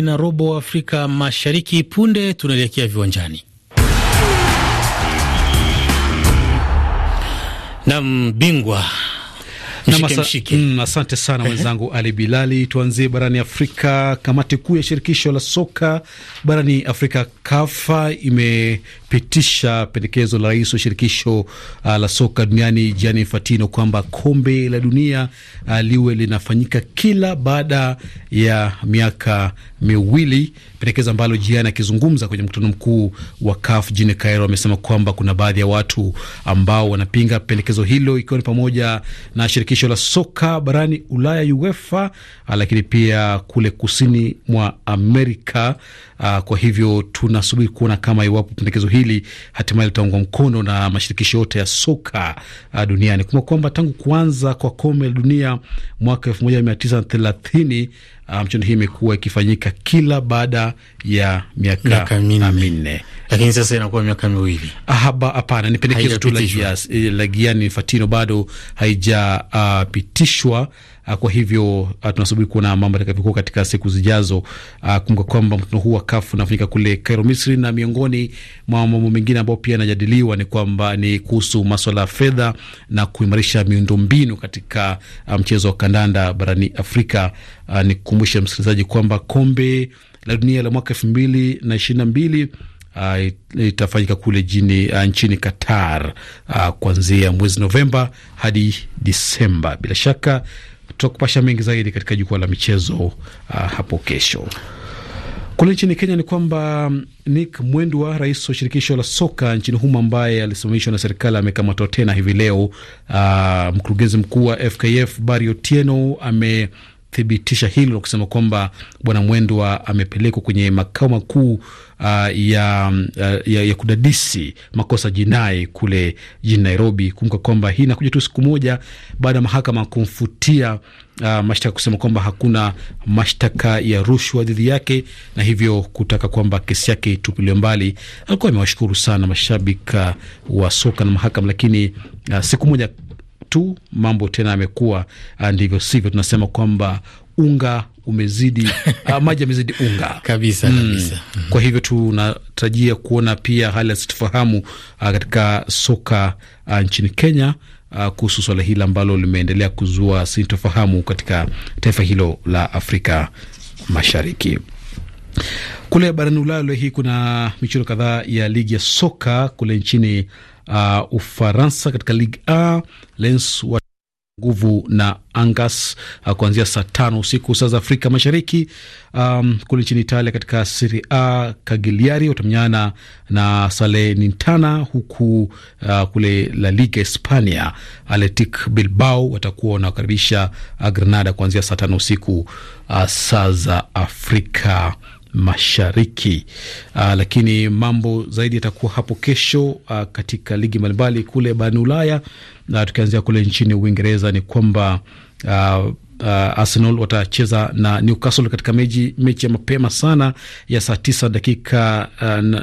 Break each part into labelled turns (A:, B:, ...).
A: na robo Afrika Mashariki. Punde tunaelekea viwanjani. Nam bingwa mm, Asante mm, sana mwenzangu Ali Bilali. Tuanzie barani Afrika. Kamati kuu ya shirikisho la soka barani Afrika kafa imepitisha pendekezo la rais wa shirikisho uh, la soka duniani Gianni Infantino kwamba kombe la dunia uh, liwe linafanyika kila baada ya miaka miwili, pendekezo ambalo Jiani akizungumza kwenye mkutano mkuu wa CAF jijini Cairo amesema kwamba kuna baadhi ya watu ambao wanapinga pendekezo hilo, ikiwa ni pamoja na shirikisho la soka barani Ulaya UEFA, lakini pia kule kusini mwa Amerika Uh, kwa hivyo tunasubiri kuona kama iwapo pendekezo hili hatimaye litaungwa mkono na mashirikisho yote ya soka uh, duniani. Kumbuka kwamba tangu kuanza kwa kombe la dunia mwaka 1930 mchuano um, hii imekuwa ikifanyika kila baada ya miaka minne, lakini sasa inakuwa miaka miwili. Ah, hapana, ni pendekezo tu la Gianni Infantino, bado haijapitishwa uh, Ah, kwa hivyo ah, tunasubiri kuona mambo atakavyokuwa katika siku zijazo. Ah, kumbuka kwamba mkutano huu wa CAF unafanyika kule Cairo, Misri, na miongoni mwa mambo mengine ambayo pia yanajadiliwa ni kwamba ni kuhusu maswala ya fedha na kuimarisha miundombinu katika mchezo wa kandanda barani Afrika. Nikukumbushe msikilizaji kwamba kombe la dunia la mwaka elfu mbili na ishirini na mbili Uh, itafanyika kule jini, uh, nchini Qatar uh, kuanzia mwezi Novemba hadi Disemba. Bila shaka tutakupasha mengi zaidi katika jukwaa la michezo uh, hapo kesho. Kule nchini Kenya ni kwamba um, Nick Mwendwa, rais wa shirikisho la soka nchini humo, ambaye alisimamishwa na serikali amekamatwa tena hivi leo. Uh, mkurugenzi mkuu wa FKF Barry Otieno ame kuthibitisha hilo na kusema kwamba Bwana Mwendwa amepelekwa kwenye makao makuu uh, ya, um, uh, ya, ya kudadisi makosa jinai kule jijini Nairobi. Kumbuka kwamba hii inakuja tu siku moja baada ya mahakama kumfutia uh, mashtaka kusema kwamba hakuna mashtaka ya rushwa dhidi yake na hivyo kutaka kwamba kesi yake itupiliwe mbali. Alikuwa amewashukuru sana mashabika uh, wa soka na mahakama, lakini uh, siku moja tu mambo tena yamekuwa ah, ndivyo sivyo, tunasema kwamba unga umezidi uh, maji yamezidi unga kabisa, mm. kabisa. Mm -hmm. Kwa hivyo tunatarajia kuona pia hali ya sitofahamu uh, katika soka uh, nchini Kenya uh, kuhusu swala hili ambalo limeendelea kuzua sintofahamu katika taifa hilo la Afrika Mashariki. Kule barani Ulaya leo hii kuna michezo kadhaa ya ligi ya soka kule nchini uh, Ufaransa. Katika Ligue 1 Lens wa nguvu na Angers uh, kuanzia saa tano usiku saa za Afrika Mashariki. Um, kule nchini Italia katika Serie A Cagliari watamenyana na Salernitana, huku uh, kule La Liga Hispania Athletic Bilbao watakuwa wanakaribisha Granada kuanzia saa tano usiku uh, saa za Afrika Mashariki. Aa, ah, lakini mambo zaidi yatakuwa hapo kesho aa, ah, katika ligi mbalimbali kule barani Ulaya, na tukianzia kule nchini Uingereza ni kwamba Uh, Arsenal watacheza na Newcastle katika mechi, mechi ya mapema sana ya saa tisa dakika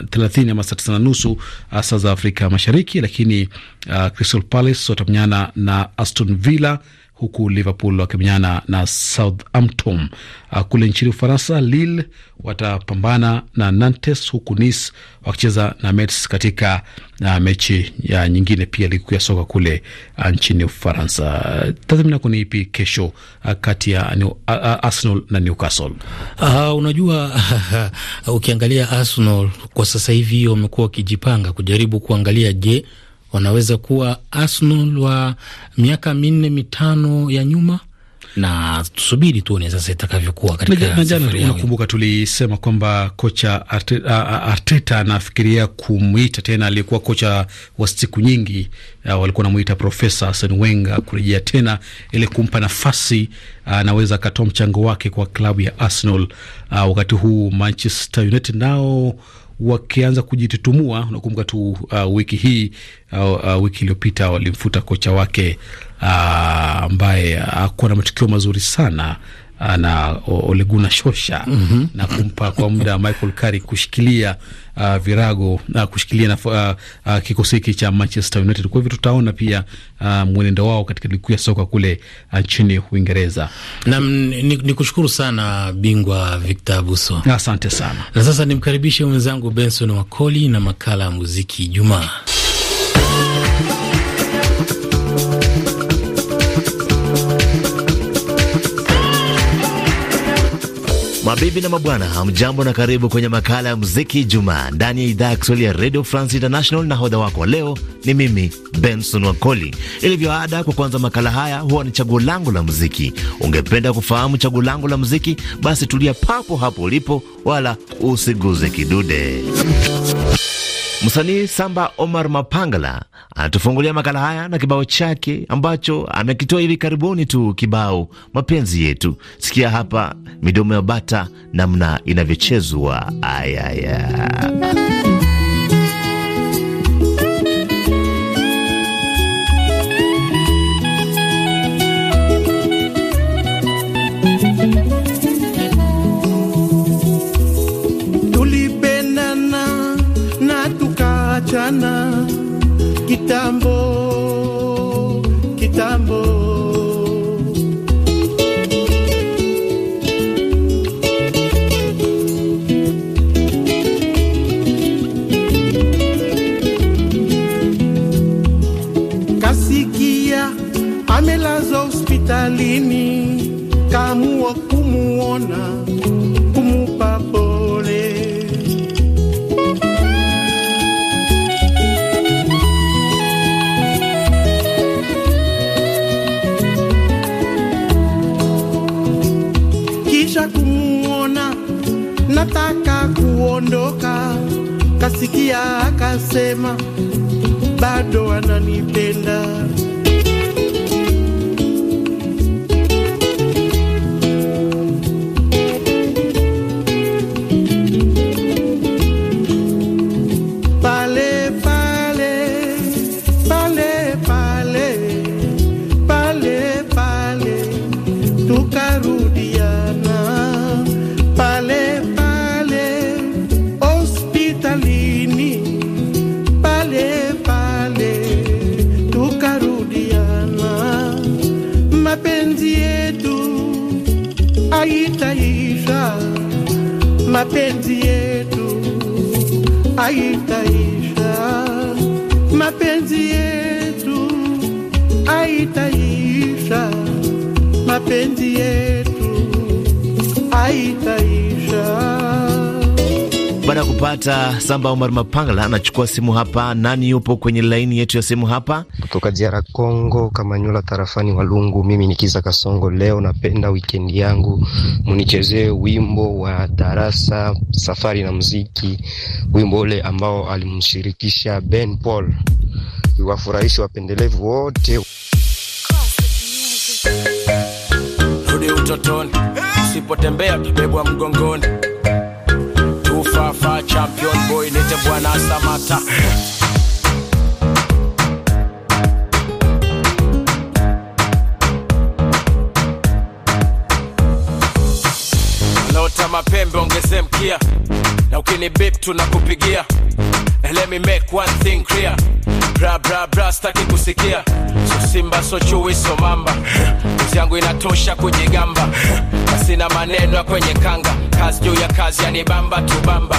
A: thelathini ama saa tisa na nusu uh, saa za Afrika Mashariki, lakini uh, Crystal Palace watamenyana na Aston Villa huku Liverpool wakimenyana na Southampton. Ah, kule nchini Ufaransa, Lille watapambana na Nantes, huku Nice wakicheza na Metz katika na ah, mechi ya nyingine pia ligi kuu ya soka kule ah, nchini Ufaransa. Tathmini yako ni ipi kesho kati ya Arsenal na Newcastle? Uh, unajua ukiangalia Arsenal kwa sasa hivi wamekuwa wakijipanga kujaribu kuangalia, je wanaweza kuwa Arsenal wa miaka minne mitano ya nyuma na tusubiri tuone sasa itakavyokuwa katika. jana unakumbuka, tulisema kwamba kocha Arteta anafikiria kumwita tena aliyekuwa kocha wa siku nyingi, uh, walikuwa namwita Profesa Arsene Wenger kurejea tena ili kumpa nafasi anaweza uh, akatoa mchango wake kwa klabu ya Arsenal. Uh, wakati huu Manchester United nao wakianza kujitutumua. Nakumbuka tu uh, wiki hii uh, uh, wiki iliyopita walimfuta kocha wake uh, ambaye uh, hakuwa uh, na matukio mazuri sana na Ole Gunnar Solskjaer mm -hmm. na kumpa kwa muda Michael Carrick kushikilia uh, virago na uh, kushikilia uh, uh, kikosi hiki cha Manchester United. Kwa hivyo tutaona pia uh, mwenendo wao katika ligi ya soka kule uh, nchini Uingereza. nam ni, ni kushukuru sana bingwa Victor Abuso, asante sana. Na sasa nimkaribishe mwenzangu Benson Wakoli na makala ya muziki Jumaa
B: Mabibi na mabwana, hamjambo na karibu kwenye makala ya muziki Jumaa ndani ya idhaa ya Kiswahili ya Radio France International. Na hodha wako leo ni mimi Benson Wakoli. Ilivyo ada, kwa kwanza makala haya huwa ni chaguo langu la muziki. Ungependa kufahamu chaguo langu la muziki? Basi tulia papo hapo ulipo, wala usiguze kidude Msanii Samba Omar Mapangala anatufungulia makala haya na kibao chake ambacho amekitoa hivi karibuni tu, kibao mapenzi yetu. Sikia hapa midomo ya bata namna inavyochezwa. Ayaya.
C: kitambo wanasema bado wananipenda. mapenzi yetu haitaisha, mapenzi yetu haitaisha, mapenzi yetu haitaisha.
B: Baada ya kupata Samba Omar Mapangala anachukua simu hapa. Nani yupo kwenye laini yetu ya simu hapa? Kutoka Jara Kongo, Kamanyola tarafani Walungu, mimi ni Kiza Kasongo. Leo napenda wikendi yangu munichezee wimbo wa darasa
D: safari na muziki, wimbo ule ambao alimshirikisha Ben Paul. Iwafurahishi wapendelevu wote. Rudi utotoni, usipotembea utabebwa mgongoni Rafa champion boy, nite bwana Samata naota mapembe, ongeze mkia na ukini bip tunakupigia. Let me make one thing clear bra bra bra, staki kusikia so simba so chui so mamba, kazi yangu inatosha kujigamba, asina maneno ya kwenye kanga, kazi juu ya kazi yanibamba tubamba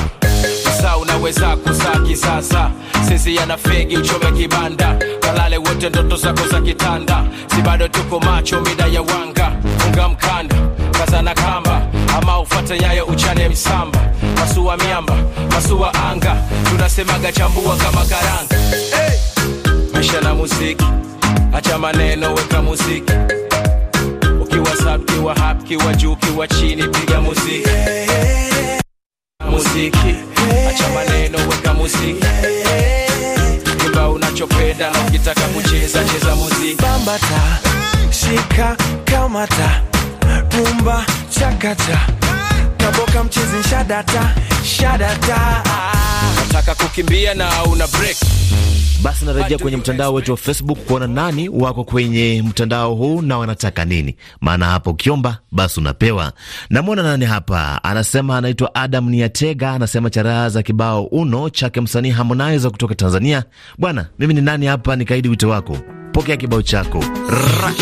D: sasa unaweza kuzaa kisasa sisi yana fegi uchome kibanda kalale wote ndoto zako za kitanda si bado tuko macho mida ya wanga funga mkanda kazana kamba ama ufate nyayo uchane msamba masuwa miamba masuwa anga tunasemaga chambua kama karanga kisha na muziki acha maneno weka muziki ukiwa sub kiwa hap kiwa juu kiwa chini piga muziki muziki acha maneno weka muziki Kiba unachopenda na ukitaka kucheza cheza muziki
E: bambata shika
D: kamata rumba chakata kaboka mchezi shadata shadata ah nataka kukimbia na una break
B: basi narejea kwenye mtandao wetu wa Facebook kuona nani wako kwenye mtandao huu na wanataka nini, maana hapo ukiomba basi unapewa. Namwona nani hapa, anasema anaitwa Adam Niatega, anasema charaha za kibao uno chake msanii Harmonize kutoka Tanzania. Bwana, mimi ni nani hapa, nikaidi wito wako, pokea kibao chako Rah.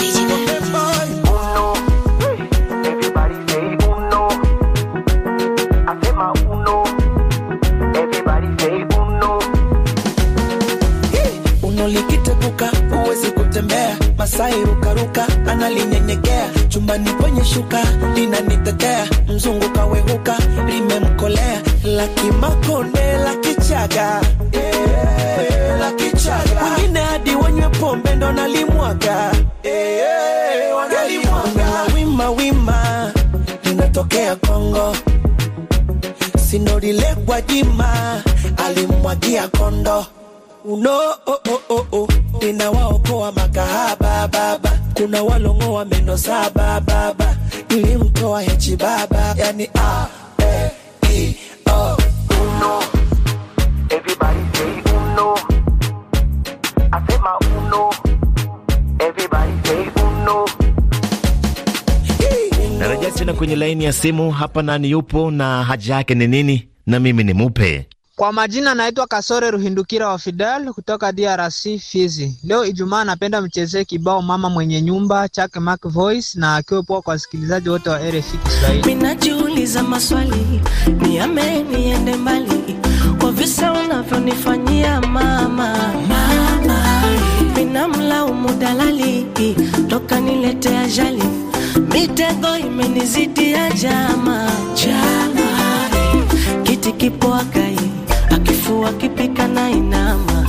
C: sai rukaruka analinyenyekea chumbani kwenye shuka linanitetea mzungu kawehuka limemkolea laki makonde laki chaga eh, laki chaga wengine hadi wanywe pombe ndo nalimwaga eh, wima wima linatokea Kongo sinorile Gwajima alimwagia kondo uno oh, oh, oh, oh, oh. Ninawaokoa makahaba baba, kuna walong'oa meno saba baba, mtoa hechi baba, yani a e
B: i o uno. Everybody say uno, asema uno. Everybody say uno. Narejea tena kwenye laini ya simu hapa. Nani yupo na haja yake ni nini? Na mimi ni mupe
D: kwa majina naitwa Kasore Ruhindukira wa Fidel kutoka DRC Fizi. Leo Ijumaa, napenda mchezee kibao mama mwenye nyumba chake Mac Voice na akiwa poa kwa wasikilizaji wote wa RFI Kiswahili.
E: najiuliza maswali ni ame mbali kwa visa unavyonifanyia mama, mama. Minamlaumu dalali toka nilete ajali, mitego imenizidi jama, jama. Kiti kipo akai wangu wakipika na inama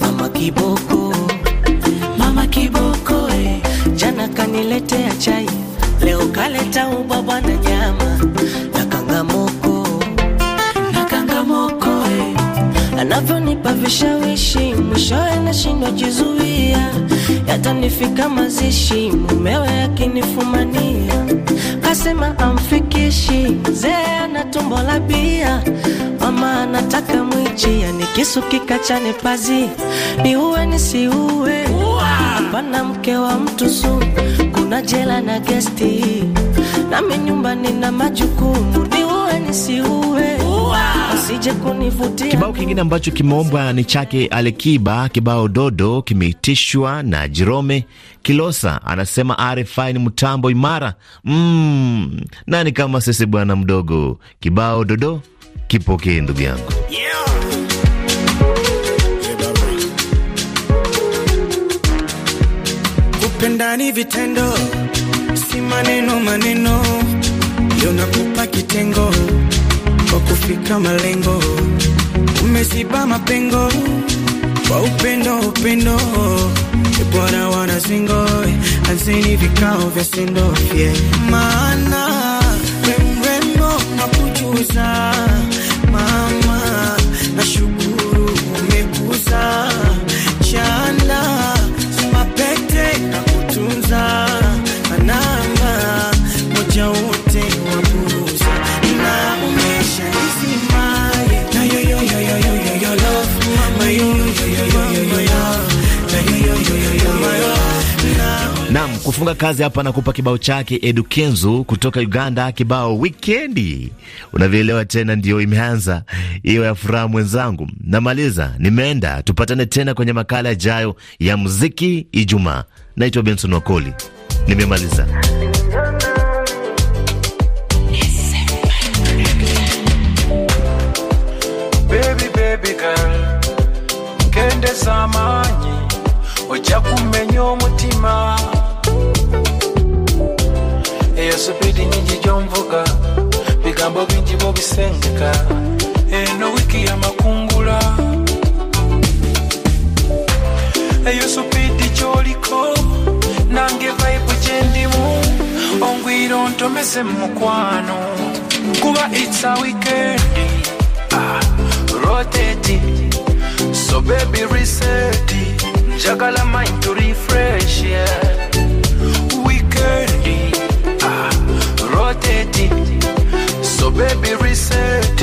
E: mama kiboko, mama kiboko eh. Jana kaniletea chai, leo kaleta ubabwa na nyama na kangamoko, na kangamoko eh. Anavyonipa vishawishi, mwishowe nashindwa jizuia, yatanifika mazishi, mumewe akinifumania, kasema amfikishi, mzee ana tumbo la bia mama anataka mwichia nikisu kikachane pazi ni uwe nisiuwe hapana mke wa mtu su kuna jela na gesti nami nyumbani na majukumu ni uwe nisiuwe Kibao kingine
B: ambacho kimeombwa ni chake Alekiba. Kibao Dodo kimeitishwa na Jerome Kilosa, anasema RFI ni mtambo imara. Mm, nani kama sisi bwana mdogo. Kibao Dodo Kipokee ndugu yangu,
E: Kupendani vitendo, si maneno maneno, leo nakupa kitengo kwa kufika malengo, umeziba mapengo kwa upendo, upendo e bora wanazingo, anzeni vikao vya sendo, yeah. Maana we mrembo nakujuza nashukuru umekuza
B: anafunga kazi hapa, anakupa kibao chake Edu Kenzo kutoka Uganda, kibao wikendi. Unavyoelewa tena, ndiyo imeanza hiyo ya furaha. Mwenzangu namaliza, nimeenda. Tupatane tena kwenye makala yajayo ya muziki Ijumaa. Naitwa Benson Wakoli, nimemaliza.
D: kende kumenya omutima esipidi nyingi gyonvuga bigambo bingi
C: bobisengeka eno wiiki yamakungula eyo supidi gyoliko nange vaibu gyendimu ongwiro ntomeze mukwano kuba itsa wikendi ah, roteti so bebi riseti
D: njagala mind to refresh yeah.
C: baby reset.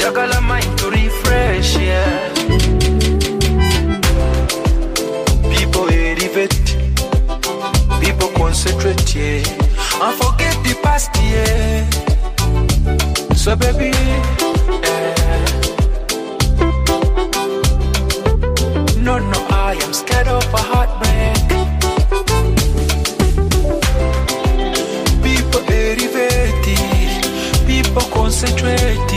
C: Jagala mind